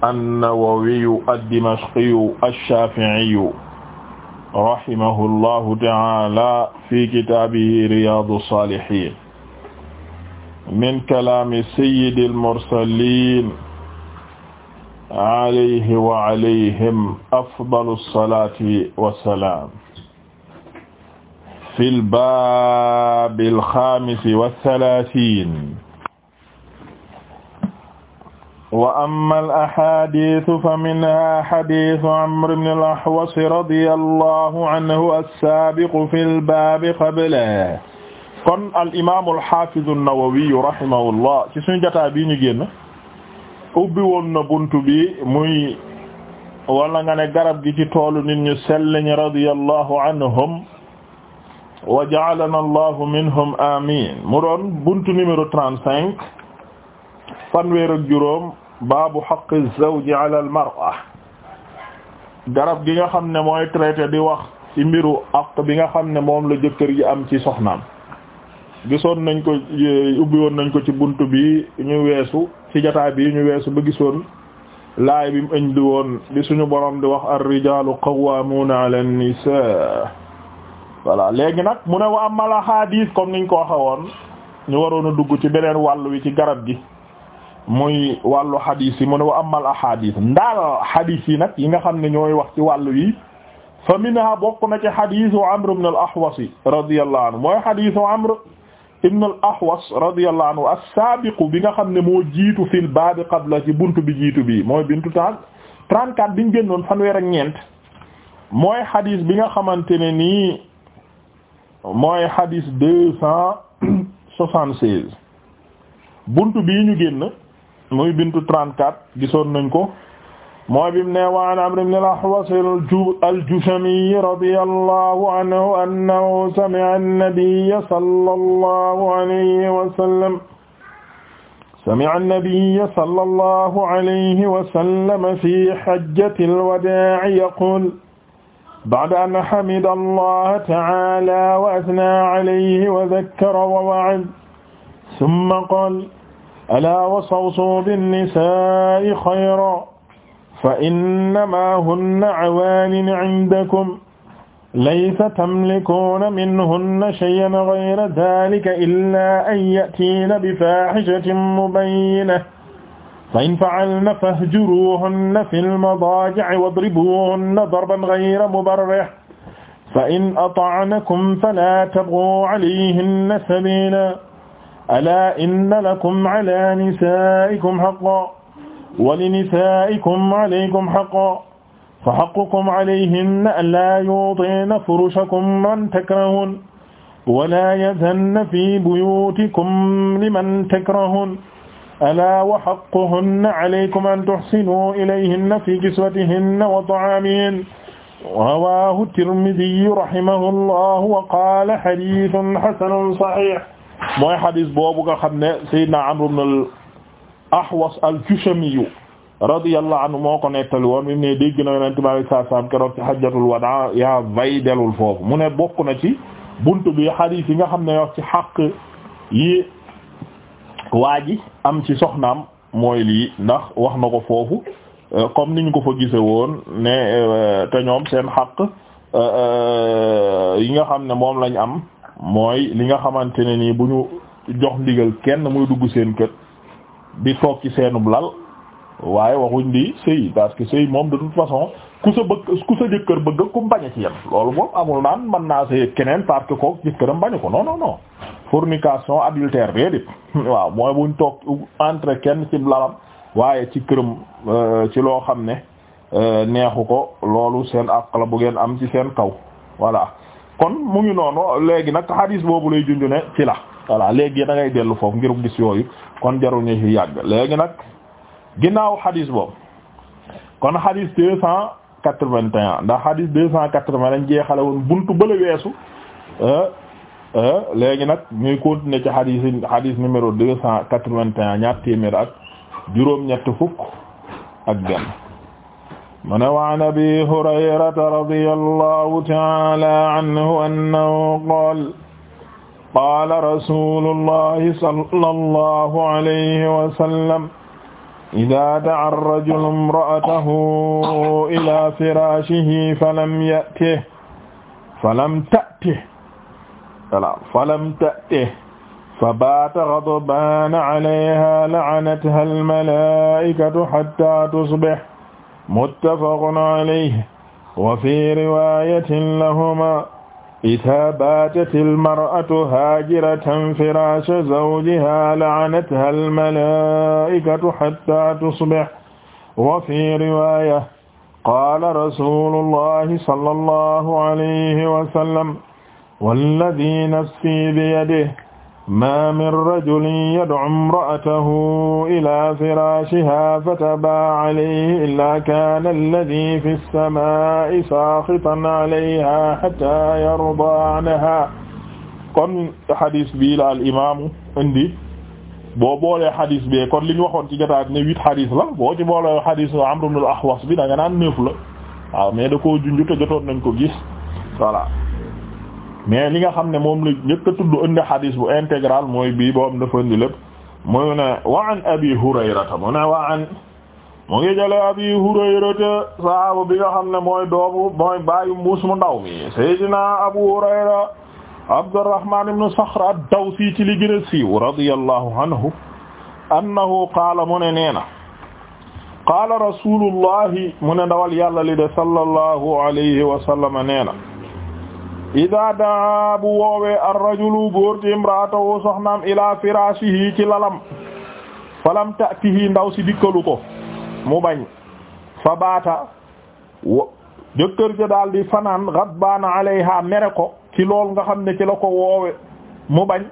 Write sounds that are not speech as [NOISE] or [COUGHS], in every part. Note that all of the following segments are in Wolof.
an-Nawawiyu ad-Dimashqiyu ash-Shafi'iyu rahimahullahu ta'ala fi kitaabihi Riyaadu s-Saalihiin min kalaami sayyidil mursaliin alayhi wa alayhim afdalu s-salaati wa s-salaam fil baabil xaamisi wa s-salaasiin wa amma al-ahaadiisu fa minhaa hadiisu Amr ibn al-Ahwas radiyallaahu anhu as-saabiqu fil baabi qablahu. kon al imaam al-haafiz an-Nawawi rahimahullah ci suñu jotaay bii ñu génn ubbi woon na buntu bi muy wala nga ne garab gi ci toolu nit ñu sell ñi radiyallaahu anhum wa ja'alanaa Allaahu minhum amiin mu doon buntu numéro trente-cinq. fanweer ak juróom baabu haqqi zawji ala mar'a garab gi nga xam ne mooy traité di wax ci mbiru àq bi nga xam ne moom la jëkkër ji am ci soxnaam gisoon nañ ko ubbi woon nañ ko ci bunt bi ñu weesu ci jataay bi ñu weesu ba gisoon laay bi mu di woon di suñu borom di wax ar-rijaalu qawwaamuuna ala an-nisaa voilà léegi nag mu ne wa amal ahadis comme niñ ko waxe woon ñu waroon a dugg ci beneen wàll wi ci garab gi mooy wàllu xadiis yi mu ne am amal ahadis ndaal xadiis yi nag yi nga xam ne ñooy wax ci wàllu yi fa minha bokk na ci xadiisu Amr ibn al-Ahwas radiyallahu anhu mooy xadiisu Amr ibn al-Ahwas radiyallahu anhu as-saabiqu bi nga xam ne moo jiitu fil baabi qabla ci buntu bi jiitu bii mooy bintu taal 34 biñ génnoon fanweer ak ñeent mooy xadiis bi nga xamante ne nii mooy xadiis 276 buntu bii ñu génn muy bintu 34 gisoon nañ ko mooy bim ne wa an Amr ibn al-Ahwas al-Jushami radiyallahu anhu annahu sami'a an-nabiyya sallallahu alayhi wa sallam sami'a an-nabiyya sallallahu alayhi wa sallam fi hajjati al-wadaa'i yaqul ba'da an hamida Allah ta'ala wa athna alayhi wa dhakkara wa wa'ada thumma qala alaa wa sawsuu binnisaa'i xayran fa innamaa hunna cawaanin cindakum laysa tamlikuuna minhunna shay'an gayra daalika illaa an ya'tiina bifaaxishatin mubayyinatin fa in facalna fahjuruuhunna fil madaajici wadribuuhunna darban gayra mubarrihin fa in ata'nakum falaa tabghuu calayhinna sabiilaa alaa inna lakum alaa nisaa'ikum haqqan wa linisaa'ikum alaykum haqqan fa haqqukum alayhinna allaa yuutiina furushakum man takrahuun wa laa yazanna fii buyuutikum liman takrahuun alaa wa haqquhunna alaykum an tuhsinuu ilayhinna fii kiswatihinna wa ta'aamihinna rawaahu at-Tirmidhiyyu rahimahullaahu wa qaala hadiithun hasanun sahiih mooy xadis boobu nga xam ne Seydina Amr ibn al-Ahwas al-Jushami radiyallahu anhu moo ko nettali woon mi ne dégg na Yonent bi alayhi salaam keroog ci hajjatul wadaa yaa vay delul foofu mu ne bokk na ci bunt bi xadis yi nga xam ne yox ci xàq yi waa ji am ci soxnaam mooy lii ndax wax na ko foofu comme niñ ko fa gise woon ne te ñoom seen xàq yi nga xam ne moom lañ am mooy li nga xamante ne nii bu ñu jox ndigal kenn muy dugg seen kër bi toog ci seenub lal waaye waxuñ di sëy parce que sëy moom de toute façon ku sa bëgg ku sa jëkkër bëgg ku bañ a ci yem loolu moom amul naan mën naa sëy keneen parce ko kooku jëkkëram bañu ko noon non non fornication adultère déedéet [LAUGHS] waaw mooy buñ toog entre kenn ci lalam waaye ci këram euh, ci loo xam ne euh, neexu ko loolu seen àq la bu ngeen am ci seen kaw voilà kon mu ngi noonu léegi nag hadis boobu lay junju ne ci la voilà léegi dangay ngay dellu foofu ngir gis yooyu kon jarul ñu ci yàgg léegi nag ginnaaw hadis boobu kon hadis deux cent quatre ndax hadis deux cent quatre-vingt lañ jeexale woon buntu bële weesu euh, euh, léegi nag ñuy continuer ci hadis yi numéro deux cent quatre-vingt-un ñaar téeméer ak juróom-ñett fukk ak benn mu ne wa an abi hurayrata radiyallahu ta'ala anhu annahu qaala qaala rasuulullahi sallallahu alayhi wa sallam idaa da'a rajulu imra'atahu ilaa firaashihi falam ya'tihi falam ta'tihi voilà falam ta'tihi fabaata ghadbaana alayhaa la'anathaa al-malaa'ikatu hattaa tusbiha muttafaqun alayhi wa fi riwayatin lahuma idaa baatatil mar'atu haajiratan firaasha zawjihaa la'anathaa al-malaa'ikatu hattaa tusbih wa fi riwaaya qaala rasuulullahi sallallahu alayhi wa sallam wallazii nafsii biyadihi ma min rajulin yad'u imra'atahu ila firashiha fatabaa alayhi illa kana alladhi fi as-samaa'i saaxitan alayha hatta yarda anha kon hadis bi la al imaamu indi boo boolee hadis bi kon li ñu waxoon ci jotaat ne huit hadis la boo ci boolee hadis Amr ibn al-Ahwas bi da nga naan neuf la waaw mais da koo junj te jotoon nañ ko gis voilà. mais li nga xam ne moom la njëkk a tudd indi xadis bu intégral mooy bii boobu dafa indi lépp mu ne wa an abi hurayrata mu ne wa an mu ngi jële abi hurayrata sahaaba bi nga xam ne mooy doomu mooy baayu mbuus mu ndaw mi sayyidina abu hurayra abdurrahman ibn saxr ad-dawsi ci li gën a siiw radiyallahu anhu annahu qaala mu ne nee na qaala rasulullahi mu ne ndawal yàlla li de sallallahu alayhi wa sallam nee na ida daa bu woowee ar rajulu góor ci imraatahu soxnaam ila firashihi ci lalam falam ndaw si dikkalu ko mu bañ fa baata wo jëkkër ja daal fanaan ghadbaana alayha mere ko ci lool nga xam ne ci la ko woowe mu bañ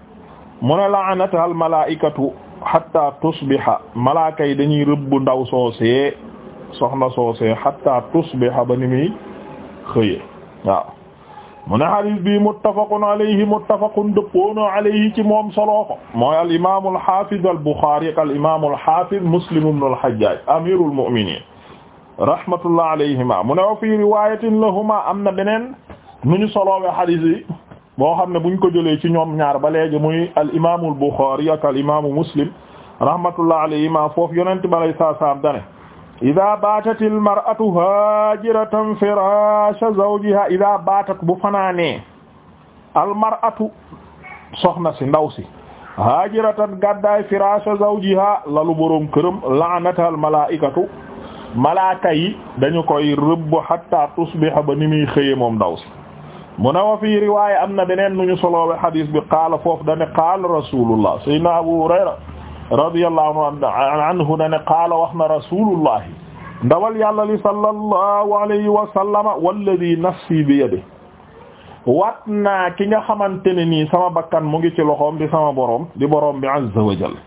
mu ne la'anata al malaa'ikatu hatta tusbiha malaaka yi dañuy rëbb ndaw soosee soxna soosee hatta tusbiha ba ni muy xëye waaw mu ne hadis bi muttafaqun alayhi muttafaqun dëppoonoo alayhi ci moom soloo ko mooy al imaam al haafiz al Buxaari ak al imaam al haafiz Muslim ibn al Hajjaaj amiirul mu'miniin rahmatullah alayhima mu ne wa fii riwaayatin lahuma am na beneen nu ñu soloowe hadis yi boo xam ne buñ ko jëlee ci ñoom ñaar ba léegi muy al imaamul Buxaari ak al imaamu Muslim rahmatullah alayhima foofu yonent bi alayhi salaam dane ida baatatil mar'atu haajiratan firasha zawjiha ida baatat bu fanaanee al mar'atu soxna si ndaw si haajiratan gàddaay firasha zawjiha lalu boroom këram la'anatal malaa'ikatu malaaka yi dañu koy rëbb hatta tusbiha ba ni muy xëye moom ndaw si mu ne wa fii riwaaya am na beneen nu ñu soloowe hadis bi qaala foofu dane qaala rasulullah sayyidina abu hurayra radiyallahu anhu dane qaala wax na rasulullahi ndawal yàlla li sallallahu alayhi wa sallama walladi nafsi bi yadihi waat naa ki nga xamante ne nii sama bakkan mu ngi ci loxoom di sama boroom di boroom bi azza wa jalla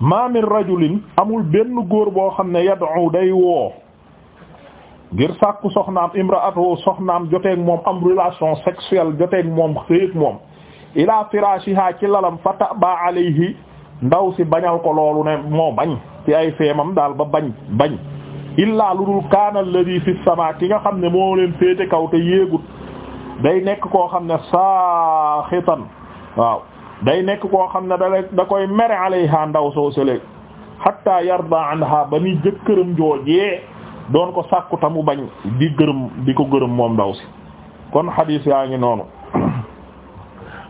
ma min rajulin amul benn góor boo xam ne yad'u day woo ngir sàkku soxnaam imra'atu soxnaam joteeg moom am relation sexuelle joteeg moom xëyeeg moom ila firashiha ci lalam fata ba alayhi ndaw si bañal ko loolu ne moo bañ ci ay feemam daal ba bañ bañ illaa lu dul kaana alladhi fi sama ki nga xam ne moo leen féete kaw te yéegut day nekk koo xam ne saaxitan waaw day nekk koo xam ne dale da koy mere alayha ndaw soo sele hatta yarda anha ba ni jëkkëram joojee doon ko sàkku tamu bañ di gërëm di ko gërëm moom ndaw si kon hadis yaa ngi noonu [CLEARS THROAT]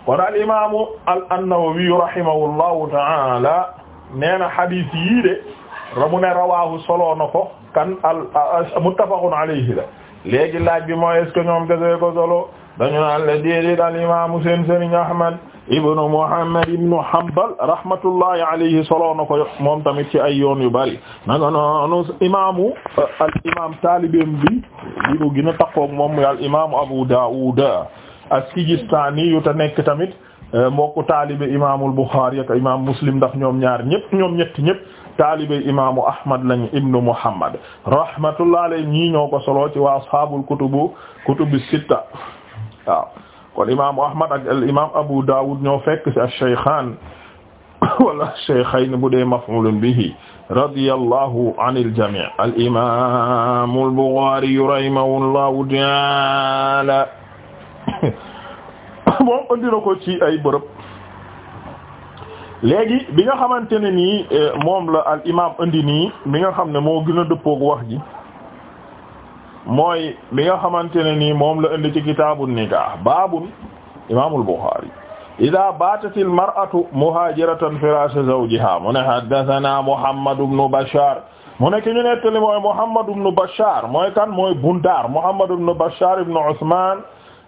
kon al imaamu al an-Nawawi rahimahullahu ta'ala nee na hadith yii de ramu ne rawaahu solo na ko kan al muttafaqun alayhi la léegi laaj bi mooy est-ce que ñoom dese ko solo dañu naan la déedéet al imaamu seen sëriñ Ahmad ibnu Muhammad ibnu Hanbal rahmatullahi alayhi solo na ko moom tamit ci ay yoon yu bari naka noonu imaamu al imaam taalibeem bi li mu gën a taqoog moom muy al imaamu Abu Daawuda as-Sijistaani yu te nekk tamit euh, mbokku taalibe imaamul Buxaari ak imaam Muslim ndax ñoom ñaar ñëpp ñoom ñetti ñëpp taalibe imaamu Ahmad lañ ibnu Muhammad rahmatullah alayhi ñii ñoo ko solo ci waa ashaabul kutubu kutubu sitta waaw kon imaamu Ahmad ak al imaam Abu Daawud ñoo fekk ci ash-Shaykhaan [COUGHS] wala shaykhayn bu dee maf'ulun bihi radiyallahu anil jamii' moom indi na ko ci ay bërëb léegi bi nga xamante ne nii eh, moom la al imaam indi nii bi nga xam ne moo gën a wax ji mooy bi nga xamante ne nii moom la indi ci kitaabu nikah baabun imaamul Buxaari idaa baatatil mar'atu muhaajiratan firaasha zawjihaa mu ne haddasanaa Muhammad ibn Bashaar mu nekk ñu nettali mooy Muhammad kan mooy Bundaar Muhammad ibn Bashaar ibn Usmaan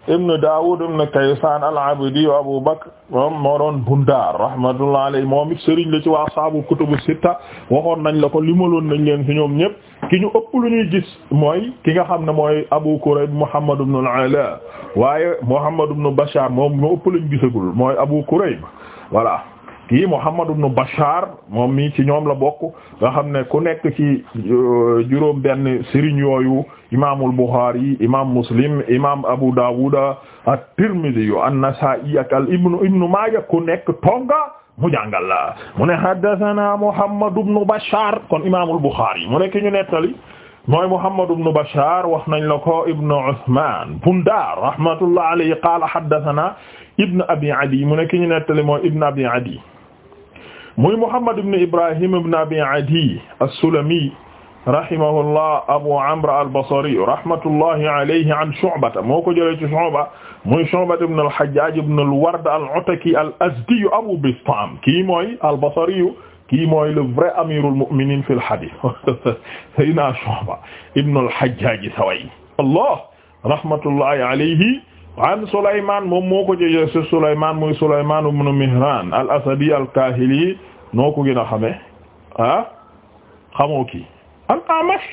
ibnu Daawud ibnu Kaysaan al-Abdi wa Abu Bakr moom moo doon Bundaar rahmatullah alayhi moom it sëriñ la ci waa saabu kutubu sitta waxoon nañ la ko li limaloon nañ leen fi ñoom ñëpp ki ñu ëpp lu ñuy gis mooy ki nga xam ne mooy Abu Kurayb Muhammad ibnu al-Ala waaye Muhammad ibnu Bashaar moom ñu ëpp lañ gisagul mooy Abu Kurayb voilà kii Muhammad ibn Bashar moom mii ci ñoom la bokk nga xam ne ku nekk ci euh, juróom benn sëriñ yooyu imaamul Bukhari imaam Muslim imaam Abu Dawud at-Tirmidhi an-Nasa'i ak al ibnu ibnu Maaja tonga mu jàngal mu ne haddathana Muhammad ibn Bashar kon imaamul mu nekk ñu nettali mooy Muhammad ibn Bashar wax nañ la ko ibn Uthman Bundar rahmatullah alayhi qala haddathana ibn Abi mu nekk ñu nettali mooy muy Muhammad ibn Ibrahim ibn Abi Adi as-Sulami rahimahullah Abu Amr al-Basri rahmatullahi alayhi an Shu'bata moo ko jëlee ci Shu'ba muy Shu'ba ibn al-Hajjaj ibn al-Ward al-Ataki al-Azdi Abu Bistam kii mooy al-Basri kii mooy le vrai amirul mu'minin fil hadith [LAUGHS] Sayyidina Shu'ba ibn al-Hajjaj Sawayi Allah rahmatullahi alayhi an Sulayman moom moo ko jëlee ci Sulayman muy Sulayman ibn Mihran al-Asadi al-Kahili noo ko gën a xamee ah xamoo kii al Amash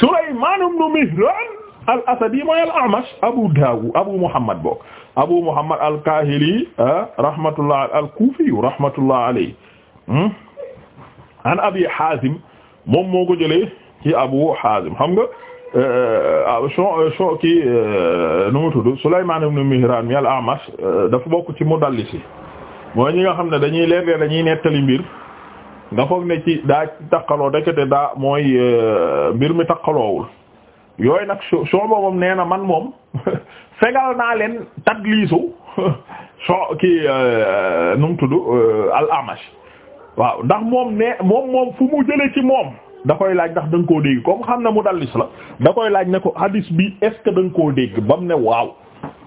Sulaymaan ibn Mihraan al Abu Daawud Abu Muhammad boog Abu Muhammad al Kaahili ah rahmatullah al Kuufi rahmatullah alayhi hmm? an Abi Haazim moom moo ko jëlee ci Abu xam nga eh, eh, so eh, kii nu mu tudd Sulaymaan ibn Mihraan mi al Amash dafa ci mudallisi mooy ñi nga xam ne dañuy leer dañuy nettali mbir nga foog ne ci daa takkaloo dekete daa mooy euh, mbir mi takkaloowul yooyu nag so soo moom nee na man moom [LAUGHS] fegal naa leen tadliisu so [LAUGHS] ki euh, nu mu tudd euh, al amash waaw ndax moom ne moom moom fu mu jëlee ci moom da koy laaj ndax da koo dégg comme xam ne mu dallis la da koy laaj ne ko hadis bi est ce koo dégg ba mu ne waaw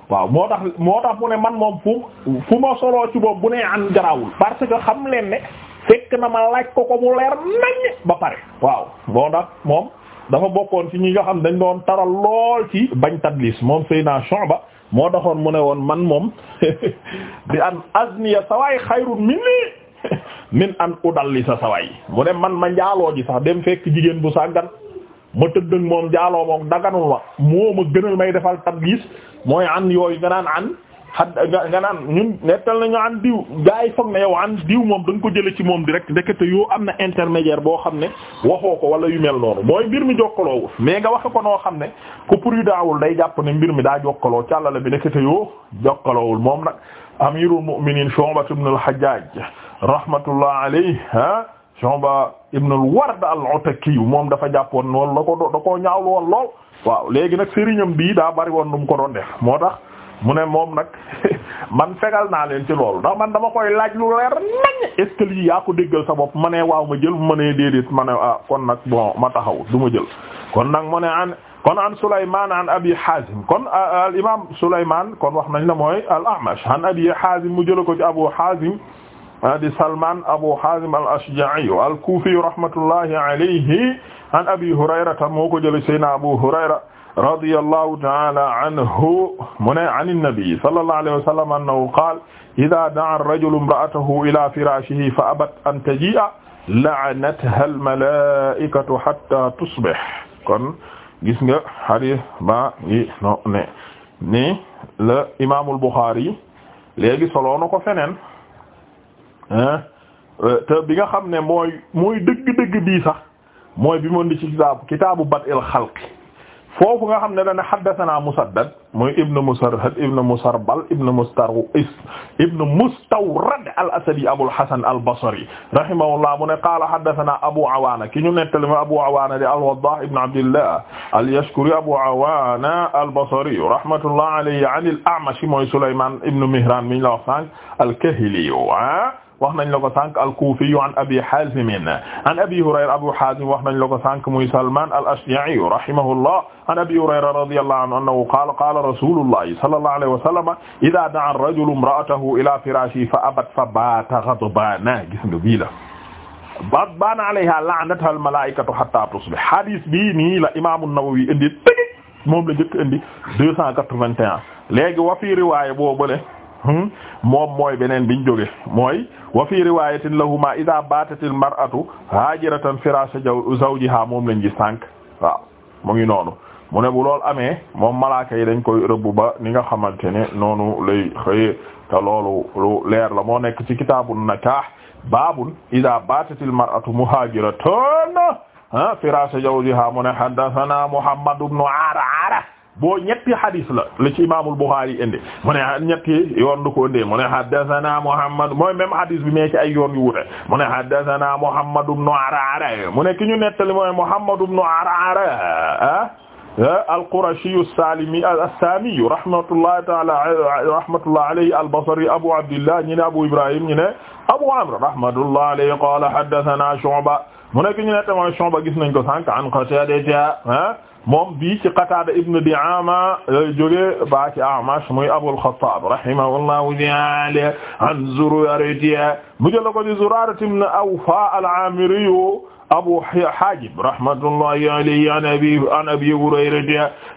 waaw moo tax moo tax mu ne man moom fu fu ma soloo ci boobu bu nee an garawul parce que xam leen ne fekk na ma laaj ko ko mu leer nañ ba pare waaw moo tax moom dafa bokkoon ci ñi nga xam dañ doon taral lool ci bañ tadlis moom Seydina Shu'ba moo taxoon mu ne woon man moom [LAUGHS] di an azniya sawaay xayrun minni [LAUGHS] min an udallisa sawaay mu ne man ma njaaloo ji sax dem fekk jigéen bu sàggan ma tëdd ak moom jaaloo moom daganul ma moo ma gënal may defal tablis mooy an yooyu nga naan an xad nga naan ñun nettal nañu an diw gaa yi foog ne yow an diw moom da ko jële ci moom direct ndekete yoo am na intermédiaire boo xam ne waxoo ko wala yu mel noonu mooy mbir mi jokkaloowu mais nga waxe ko noo xam ne ku puru daawul day jàpp ne mbir mi daa jokkaloo càllale bi ndekete yoo jokkaloowul moom nag amirul mu'minin Shu'ba ibn al-Hajjaj rahmatullah alayhi ha Shu'ba ibn al-Ward al-Ataki moom dafa jàppoon loolu la ko da koo ñaawlu woon lool waaw léegi nag sëriñam bii daa bari woon nu mu ko doon def moo tax mu ne moom nag [LAUGHS] man fegal naa leen ci lool ndax man dama koy laaj lu leer nañ est ce yaa ko déggal sa bopp ma ne waaw ma jël bu ma nee ma ne ah kon nag bon ma taxaw du ma jël kon nag mu ne an kon an Sulaymaan an Abi Haazim kon al imaam Sulaymaan kon wax nañ la mooy al-A'mash an Abi Haazim mu jël ko ci Abu Haazim di Salman Abu Hazim al-Ashja'i al-Kufi rahmatullahi alayhi an Abi Hurayrata moo ko jëlee Seydina Abu Hurayra radiyallahu ta'ala anhu mu ne an an-nabi sallallahu alayhi wa sallam annahu qaala idha da'a ar-rajulu imra'atahu ila firashihi fa abat an taji'a la'anatha al-mala'ikatu hatta tusbih kon gis nga hadith ba yi no ne ni la Imam al-Bukhari léegi solo na ko feneen Euh, te bi nga xam ne mooy mooy dëgg-dëgg bii sax mooy bi mu di ci kitaabu kitaabu bad'il xalqi foofu nga xam ne dana haddathana musaddad mooy ibn musarhad ibn musarbal ibn mustarwis ibn mustawrad al asadi abul hasan al basri rahimahullah mu ne qaala haddathana abu awaana ki ñu nettali ma abu awaana di al waddah ibn abdillah al yashkuri abu awaana al basri rahmatullah alayhi an al a'mash mooy sulayman ibn mihran mi ñu la wax sànq al kahili ah wax nañ la ko sànq al-Kufi an Abi Hazim an Abi Hurayra Abu Hazim wax nañ la ko sànq muy Salman al-Ashja'i rahimahullah an Abi Hurayra radiyallahu anhu annahu qaala qaala rasulullah sallallahu alayhi wa sallam idha da'a ar-rajulu imra'atahu ila firashihi fa abat fa baata ghadbana gis nga bii la baana alayha la'natuha al-mala'ikatu hatta tusbih hadith bii nii la imam an-Nawawi indi moom la njëkk indi 281 léegi wa fi riwaaya boobule Hmm? moom mooy beneen biñ jóge mooy wa fi riwayatin lahuma ida batatil mar'atu hajiratan firasha zawjiha moom lañ gis sànq waaw mu ngi noonu mu ne bu lool amee moom malaaka yi dañ koy rëbb ba ni nga xamante ne noonu lay xëye te loolu leer la moo nekk ci kitaabun nakaah baabun ida batatil mar'atu muhajiratan firasha zawjiha mu ne haddathana muhammad ibn arara boo ñetti hadis la la ci imaamul Buxaari indi mu ne ñetti yoon du ko indee mu ne haddathana Muhammad mooy même hadis bi mais ci ay yoon yu wute mu ne haddathana Muhammad ibn Arara mu ne ki ñu nettali mooy Muhammad ibn Arara ah, ah, al-Qurashi as-Salimi as-Sami rahmatullahi ta'ala rahmatullahi alayhi al-Basri Abu Abdillah ñu ne Abu Ibrahim ñu ne Abu Amr rahmatullahi alayhi qala haddathana Shu'ba mu ne ki ñu nettali mooy Shu'ba gis nañ ko sànq an Qatada ah, moom bii ci Qataada ibn Di'aama lay jóge ba ci A'mash muy Abul Xattaab rahimahullahu ta'aala an Zuraara mu jël ko ci Zuraara ibn Awfaa al-Aamiri Abu Haajib rahmatullahi alayhi an Abi Hurayra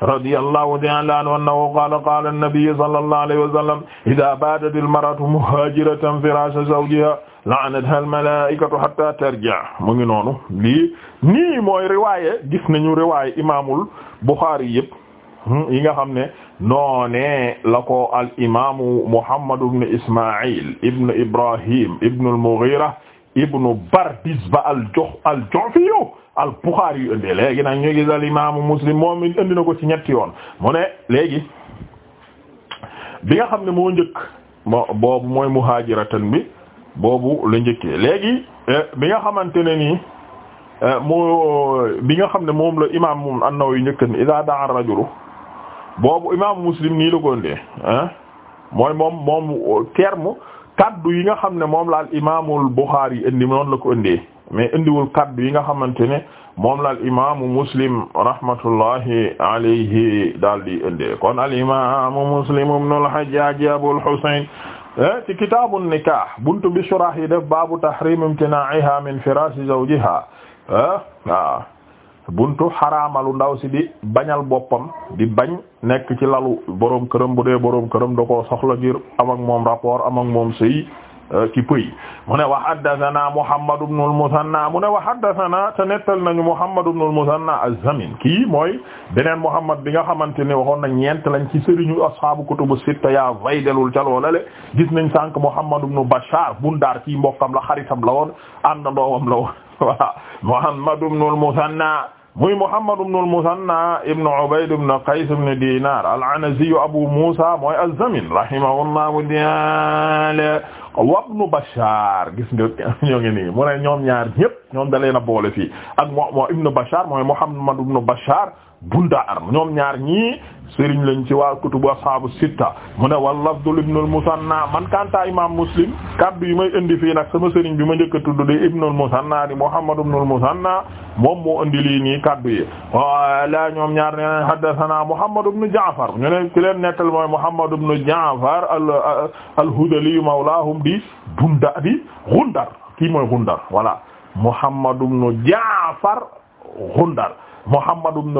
radiyallahu ta'aala anhu annahu qaala qaala an-nabiyyu sallallahu alayhi wa sallam idhaa baatat al-mar'atu muhaajiratan firaasha zawjihaa la'anatha al-malaa'ikatu hatta tarji' mu ngi noonu lii nii mooy riwaaye gis nañu riwaaye imaamul Buxaari yëpp hmm, yi nga xam ne noone la ko al imaamu Muhammad ibn Ismaa'il ibn Ibrahim ibn al-Mughira ibn Bardizba al-Juh al-Ju'fi al yu indi ko ci ñetti yoon mu ne léegi bi nga xam ne moo njëkk boobu mooy muhaajiratan bi boobu la njëkkee léegi eh, bi nga xamante ne nii eh, moo bi nga xam ne moom la imaam moom An-Nawawi njëkk ni idaa da'a rajulu boobu imaamu Muslim nii la ko indee eh? mooy moom moom terme kaddu yi nga xam ne moom la al imaamul Buxaari yi indi noonu la ko indee mais indiwul kaddu yi nga xamante ne moom la al imaamu Muslim rahmatullahi alayhi daal di indee kon al imaamu Muslim ibnul Hajjaaj Abul Husayn Eh, ci kitaabu nikah buntu bi shurah yi def baabu tahrim imtinaa'iha min firaashi zawjiha eh, waaw buntu xaraamalu ndaw si di bañal boppam di bañ nekk ci lalu boroom këram bu dee boroom këram da ko soxla ngir am ak moom rapport am ak moom sëy Euh, ci pëy mu ne wa haddathana Muhammad ibn al-Muthanna mu ne wa haddathana te nettal nañu Muhammad ibn al-Muthanna ki zamin kii mooy beneen Muhammad bi nga xamante ne waxoon na ñeent lañ ci sëriñu ashaabu kutubu sitta yaa vaydelul ca loolale gis nañ sànq Muhammad ibn Bashar Bundar kii mbokkam la xaritam la woon àndandoowam la woon [LAUGHS] voilà Muhammad ibn al-Muthanna muy Muhammad ibn al-Musanna ibn Ubayd ibn Qays ibn Dinar al-Anazi Abu Musa mooy az-Zamin rahimahullahu ta'ala wa ibn Bashar gis nga ñoo ngi nii mu ne ñoom ñaar ñëpp ñoom da leen a boole fii ak mo ibn Bashar mooy Muhammad ibn Bashar Bundaar ñoom ñaar ñii sëriñ lañ ci waa kutubu ashaabu sitta mu ne wal lafdul ibnul musanna man kanta imam muslim kaddu yi may indi fii nag sama sëriñ bi ma njëkk a tudd di ibnul musanna di muhammad ibnul musanna moom moo indi lii nii kaddu yi la ñoom ñaar nee nañ haddathana muhammad ibnu jaafar ñu ne ci leen nettal mooy muhammad ibnu jaafar al al hudali mawlaahum di bunda di gundar kii mooy gundar voilà muhammad ibnu jaafar gundar Muhammad ibn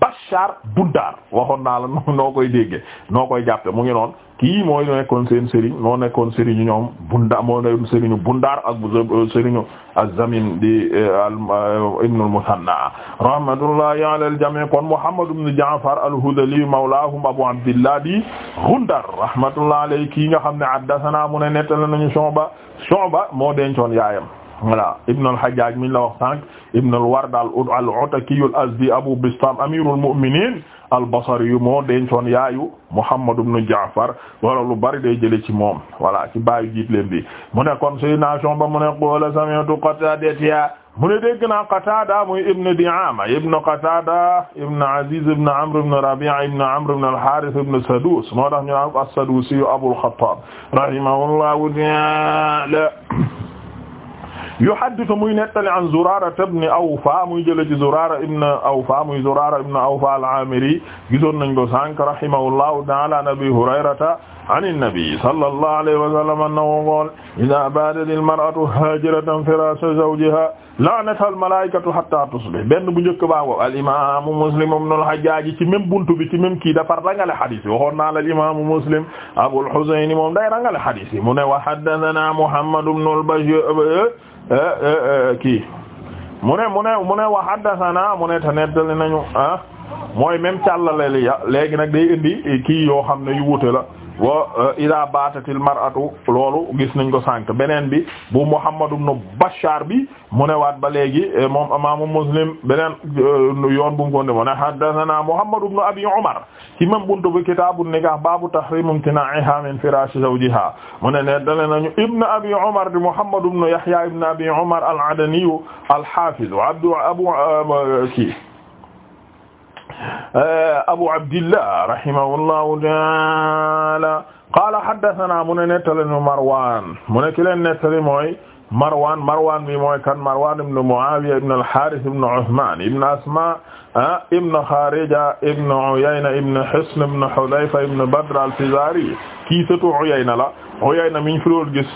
Bashar Bundaar waxoon naa la [LAUGHS] noo koy déggee noo koy jàppe mu ngi noonu kii mooy nekkoon seen sëriñ moo nekkoon sëriñu ñoom Bundaar moo nekkoon sëriñu Bundaar ak euh, sëriñu az-Zamin di euh, euh, Ibn al-Muthanna rahmatullahi ala al-jami' kon Muhammad ibn Ja'far al-Hudhali mawlahum Abu Abdillah di Gundar rahmatullahi alayhi kii nga xam ne haddathana mu ne nettali nañu Shu'ba Shu'ba moo dencoon yaayam voilà ibn al-Hajjaj min la wax sànq ibn al-Ward al-Ataki al-Azdi Abu Bistam amirul mu'minin al-Basri yu moo dencoon yaayu Muhammad ibn Ja'far wala lu bari day jële ci moom voilà ci baayu jiit leen bi mu ne kon suy nation ba mu ne qala sami'tu Qatadata mu ne dégg naa Qatada muy ibn Di'ama ibn Qatada ibn Aziz ibn Amr ibn Rabi'a ibn Amr ibn al-Harith ibn Sadus moo tax ñu naan as-Sadusi Abu al-Khattab rahimahullahu ta'ala yuhaddithu muy nettali an Zurara ibn Awfa muy jële ci Zurara ibn Awfa muy Zurara ibn Awfa al-Amiri gisoon nañ ko sànq rahimahullahu ta'ala an Abi Hurayrata an an-nabi sallallahu alayhi wa sallam annahu qaala idha baadat al-mar'atu haajiratan firaasha zawjiha la'anatha al-malaa'ikatu hatta tusbih benn bu njëkk baa ngo al-imam Muslim ibn al-Hajjaj ci même buntu bi ci même kii dafa rangale hadith yi waxoon naa la al-imam Muslim Abul Husayn moom day rangale hadith yi mu ne wa haddathana Muhammad ibn al-Bashir Eh, eh, eh, kii mu ne mu ne mu ne wa haddathana mu ne te nettali nañu ah mooy même càllale li ya léegi nag day indi kii yoo xam ne yu wute la wa eh, ida batatil mar'atu loolu gis nañ ko sànq beneen bi bu Muhammad ibn Bashar bi mu ne waat ba léegi eh, moom imaamu Muslim beneen eh, yoon bu mu ko defoon haddathana Muhammad ibn Abi Umar ci même buntu bi kitaabun nikaah baabu tahrim imtinaa'iha min firaashi zawjiha mu ne ne dale nañu ibn Abi Umar di Muhammad ibn Yahya ibn Abi Umar al-Adani al-Hafiz wa Abdu Abu kii Abu Abdillah rahimahullahu ta'ala qaala haddathana mu ne nettali nu Marwan mu ne ki leen nettali mooy Marwan Marwan mi mooy kan Marwan ibn Muawiya ibn al-Harith ibn Uthman ibn Asma ibn Kharija ibn Uyayna ibn Hisn ibn Hudhayfa ibn Badr al-Fazari kii sëtu Uyayna la Uyayna mi ñu fi doon gis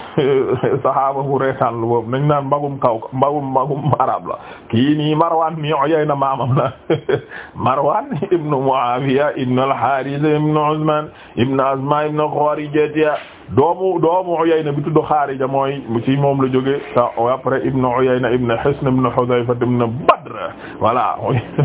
[LAUGHS] saxaaba bu reetaan lu boobu nañ naan magum kaw magum magum arab la kii nii Marwan mi Uyayna maamam la [LAUGHS] Marwan ibnu Muawiya ibnu al-Harith ibnu Usman ibnu Asma ibnu Kharijata doomu doomu Uyayna bi tudd Xaarija mooy ci moom la jóge te après ibn Uyayna ibn Hisn ibn Hudayfa ibn Badr voilà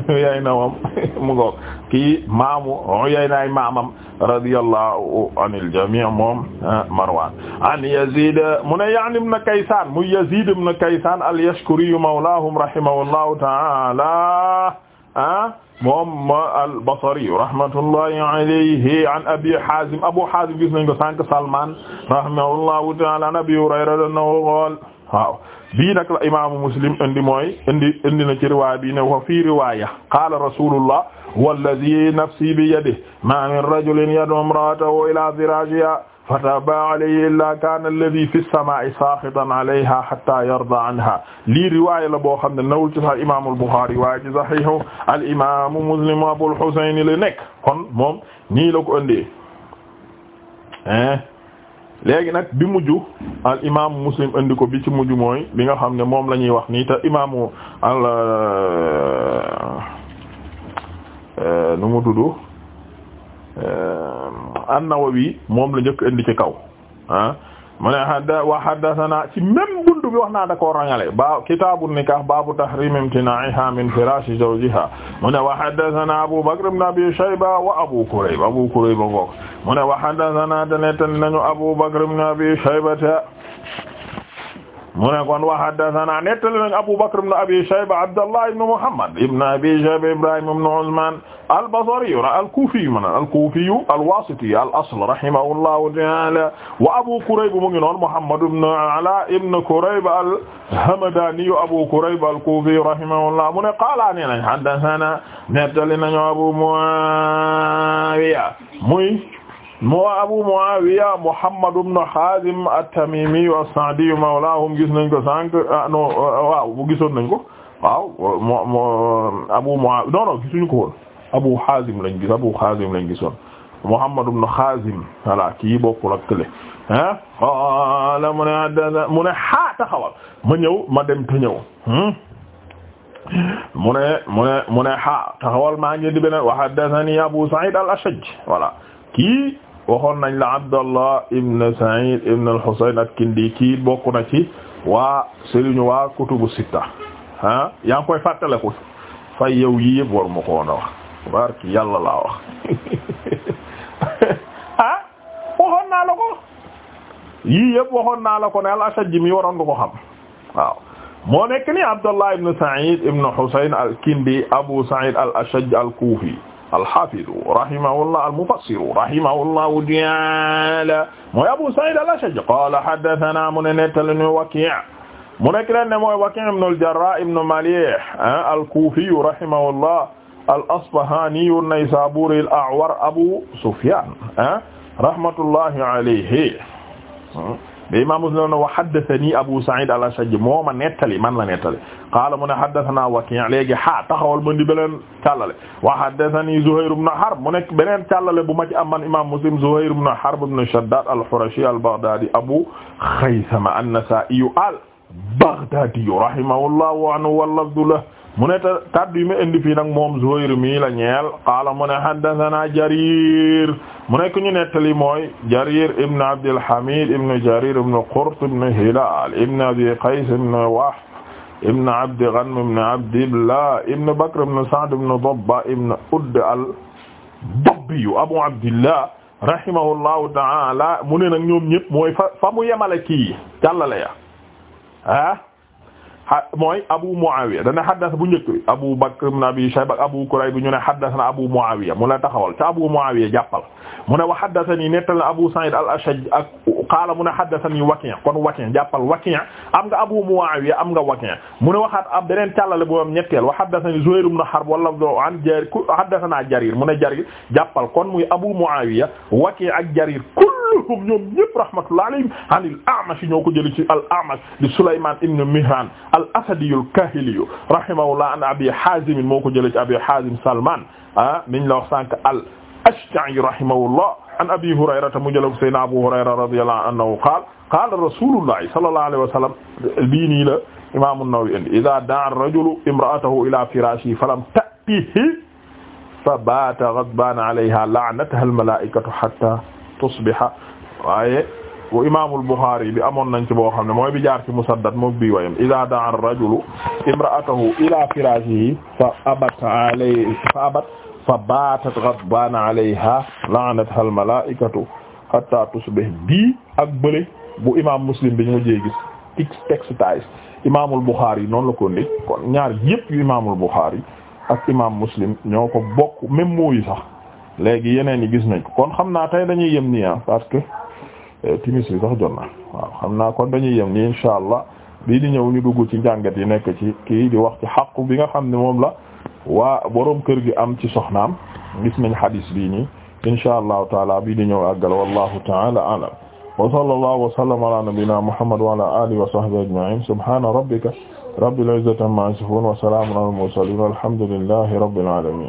Uyayna moom [LAUGHS] mu ngo kii maamu Uyayna ay maamam radiyallahu anil jami' moom Marwan an Yazid mu ne yaani ibn Kaysan mu Yazid ibn Kaysan al-Yashkuri mawlahum rahimahullahu ta'ala moom al-Basri rahmatullahi alayhi an Abi Hazim Abu Hazim gis nañ ko sànq Salman rahimahullahu ta'ala an Abi Hurayra annahu qaala waaw bii nag la imaamu Muslim indi mooy indi indi na ci riwaaya bi ne wa fii riwaaya qaala rasulullah walladhi nafsi biyadihi ma min rajulin yad'u imra'atahu ila firashiha fataba alayhi illa kana alladhi fi as-samaa'i saaxitan alayha hatta yarda anha lii riwaaya la boo xam ne nawul a sax imaamul Buxaari waaye ci saxiixu al imaamu Muslim Abul Husayn la nekk kon moom nii la ko ëndee léegi nag bi mujj al imaamu Muslim andi ko bi ci mujj mooy bi nga xam ne moom la ñuy wax nii te imaamu euh, euh, nu mu tudd Euh, an-Nawawi moom la njëkk indi ci kaw ah mu ne hadda wa haddathana ci même buntu bi wax naa da koo rangale ba kitaabu nikah baabu tahrim imtinaa'iha min firaashi zawjiha mu ne wa haddathana Abu Bakr ibn Abi Shayba wa Abu Kurayb Abu Kurayb ngoog mu ne wa haddathana tanetani nañu Abu Bakr ibn Abi Shayba mu ne kon wa haddathana nettali nañu Abu Bakr ibn Abi Shayba Abdallah ibn Muhammad ibn Abi Shayba Ibrahim ibn Usman al-Basri al-Kufi man al-Kufi al-Wasiti al-asl rahimahullahu ta'ala wa Abu Kurayb mu ngi noonu Muhammad ibn Ala ibn Kurayb al-Hamdani Abu Kurayb al-Kufi rahimahullah mu ne qaala nee nañ haddathana nettali nañu Abu Muawiya muy moo Abu Muawiya Muhammad ibn Hazim at-Tamimi as-Sa'di mawlahum gis nañ ko sànq ah, no waaw gisoon nañ ko waaw Abu Muawiya non non gisuñu ko woon Abu Hazim lañ gis Abu Hazim lañ gisoon Muhammad ibn Hazim voilà kii bokkul ak kële ah qala mu ne mu ne xaa taxawal ma ñëw ma dem te ñëw hmm? mu ne mu ne mu ne xaa taxawal maa ngi di beneen wa haddathani Abu Sa'id al-Ashaj voilà kii waxoon nañ la Abdallah ibn Sa'id ibn al-Husayn at-Kindi kii bokk na ci waa sëriñu waa kutubu sitta ah yaa ngi koy fàttaleku fay yow yii yëpp war ma ko woon a wax barki yàlla laa wax [LAUGHS] ah waxoon naa la ko yii yëpp waxoon naa la ko ne al-Ashajj mi waroon nga ko xam waaw moo nekk ni Abdullah ibn Sa'id ibn Husayn al-Kindi Abu Sa'id al-Ashajj al-Kufi al-Hafiz rahimahullah al-mufassir rahimahullahu ta'ala mooy Abu Sa'id al-Ashajj qala haddathana mu ne nettali ñu Waki' mu nekk leen ne mooy Waki' ibn al-Jarrah ibn Malih ah, al-Kufi rahimahullah al-Asbahani an-Naysaburi al-A'war Abu Sufyan ah, rahmatullahi alayhi bi imam Muslim wa haddathani Abu Sa'id al-Ashaj moo ma nettali man la nettali qaala mu ne haddathana Waki' léegi ha taxawal ma di beneen càllale wa haddathani Zuhayr ibn Harb mu nekk beneen càllale bu ma ci am man imam Muslim Zuhayr ibn Harb ibn Shaddad al-Qurashi al-Baghdadi Abu Khaythama an-Nasa'i al-Baghdadi rahimahullahu anhu wal lafdhu lahu mu ne ta kaddu yi ma indi fii nag moom Zuhayr mi la ñeel qaala mu ne haddathana Jarir mu nekk ñu nettali mooy Jarir ibn Abdil Hamid ibn Jarir ibn Qurt ibn Hilal ibn Abi Qays ibn Wahb ibn Abdi Ghanm ibn Abdillah ibn Bakr ibn Sa'd ibn Dabba ibn Udd al-Dabbi Abu Abdillah rahimahullahu ta'ala mu ne nag ñoom ñëpp mooy fa mu yemale kii jàllale ya ah mooy Abu Muawiya dana xaddas bu njëkk bi Abu Bakr ibn Abi Shayba Abu Kurayb ñu ne xaddasana Abu Muawiya mu ne taxawal ca Abu Muawiya jàppal mu ne wa xaddasani nettal na Abu Sa'id al-Ashaj ak qaala mu ne xaddasani Waki' kon Waki' jàppal Waki' am nga Abu Muawiya am nga Waki' mu ne waxaat am beneen càllale bu am ñetteel wa xaddasani Zuhayr ibn Harb wala do an Jarir xaddasana Jarir mu ne Jarir jàppal kon muy Abu Muawiya Waki' ak Jarir kulluhum ñoom ñëpp rahmatullah alayhim an il amash ñoo ko jëli ci al amash di Sulayman ibn Mihran al asadi al kahili rahimahullah an abi hazim moo ko jëli ci abi hazim salman ah niñ la wax sànq al ashja'i rahimahullah an abi hurayrata mu jëla ko sayyidina abu hurayra radiyallahu anhu qaala qaala rasulullahi sallallahu alayhi wa sallam lii nii la imam an-Nawawi indi idha da'a ar-rajulu imra'atahu ila firashihi falam ta'tihi fa baata ghadbana alayha la'nataha al-mala'ikatu hatta tusbiha waaye bu imaamul Buxaari bi amoon nañ ci boo xam ne mooy bi jaar ci Musaddad moom bii wayam idaa da'a ar-rajulu imra'atahu ilaa firaashihi fa abat alayhi fa abat fa baatat ghadbaan alayha la'anatha al-malaa'ikatu hatta tusbih bii ak bële bu imaam Muslim bi ñu mujjee gis tix textiles imaamul Buxaari noonu la ko nit kon ñaar yëpp yu imaamul Buxaari ak imaam Muslim ñoo ko bokk même mooyu sax léegi yeneen yi gis nañ kon xam naa tey dañuy yem nii ah parce que eh, timis bi sax jot na waaw xam naa kon dañuy yem nii insha allah bii di ñëw ñu dugg ci njàngat yi nekk ci kii di wax ci xaqu bi nga xam ne moom la waa boroom kër gi am ci soxnaam gis nañ xadiis bii nii insha allahu taala bii di ñëw àggal wallahu taala alam wa sallallahu wa sallama ala nabiyyina muhammad wa ala alihi wa sahbihi ajma'in subhana rabbika rabbil izzati amma yasifun wa salamun ala al mursalin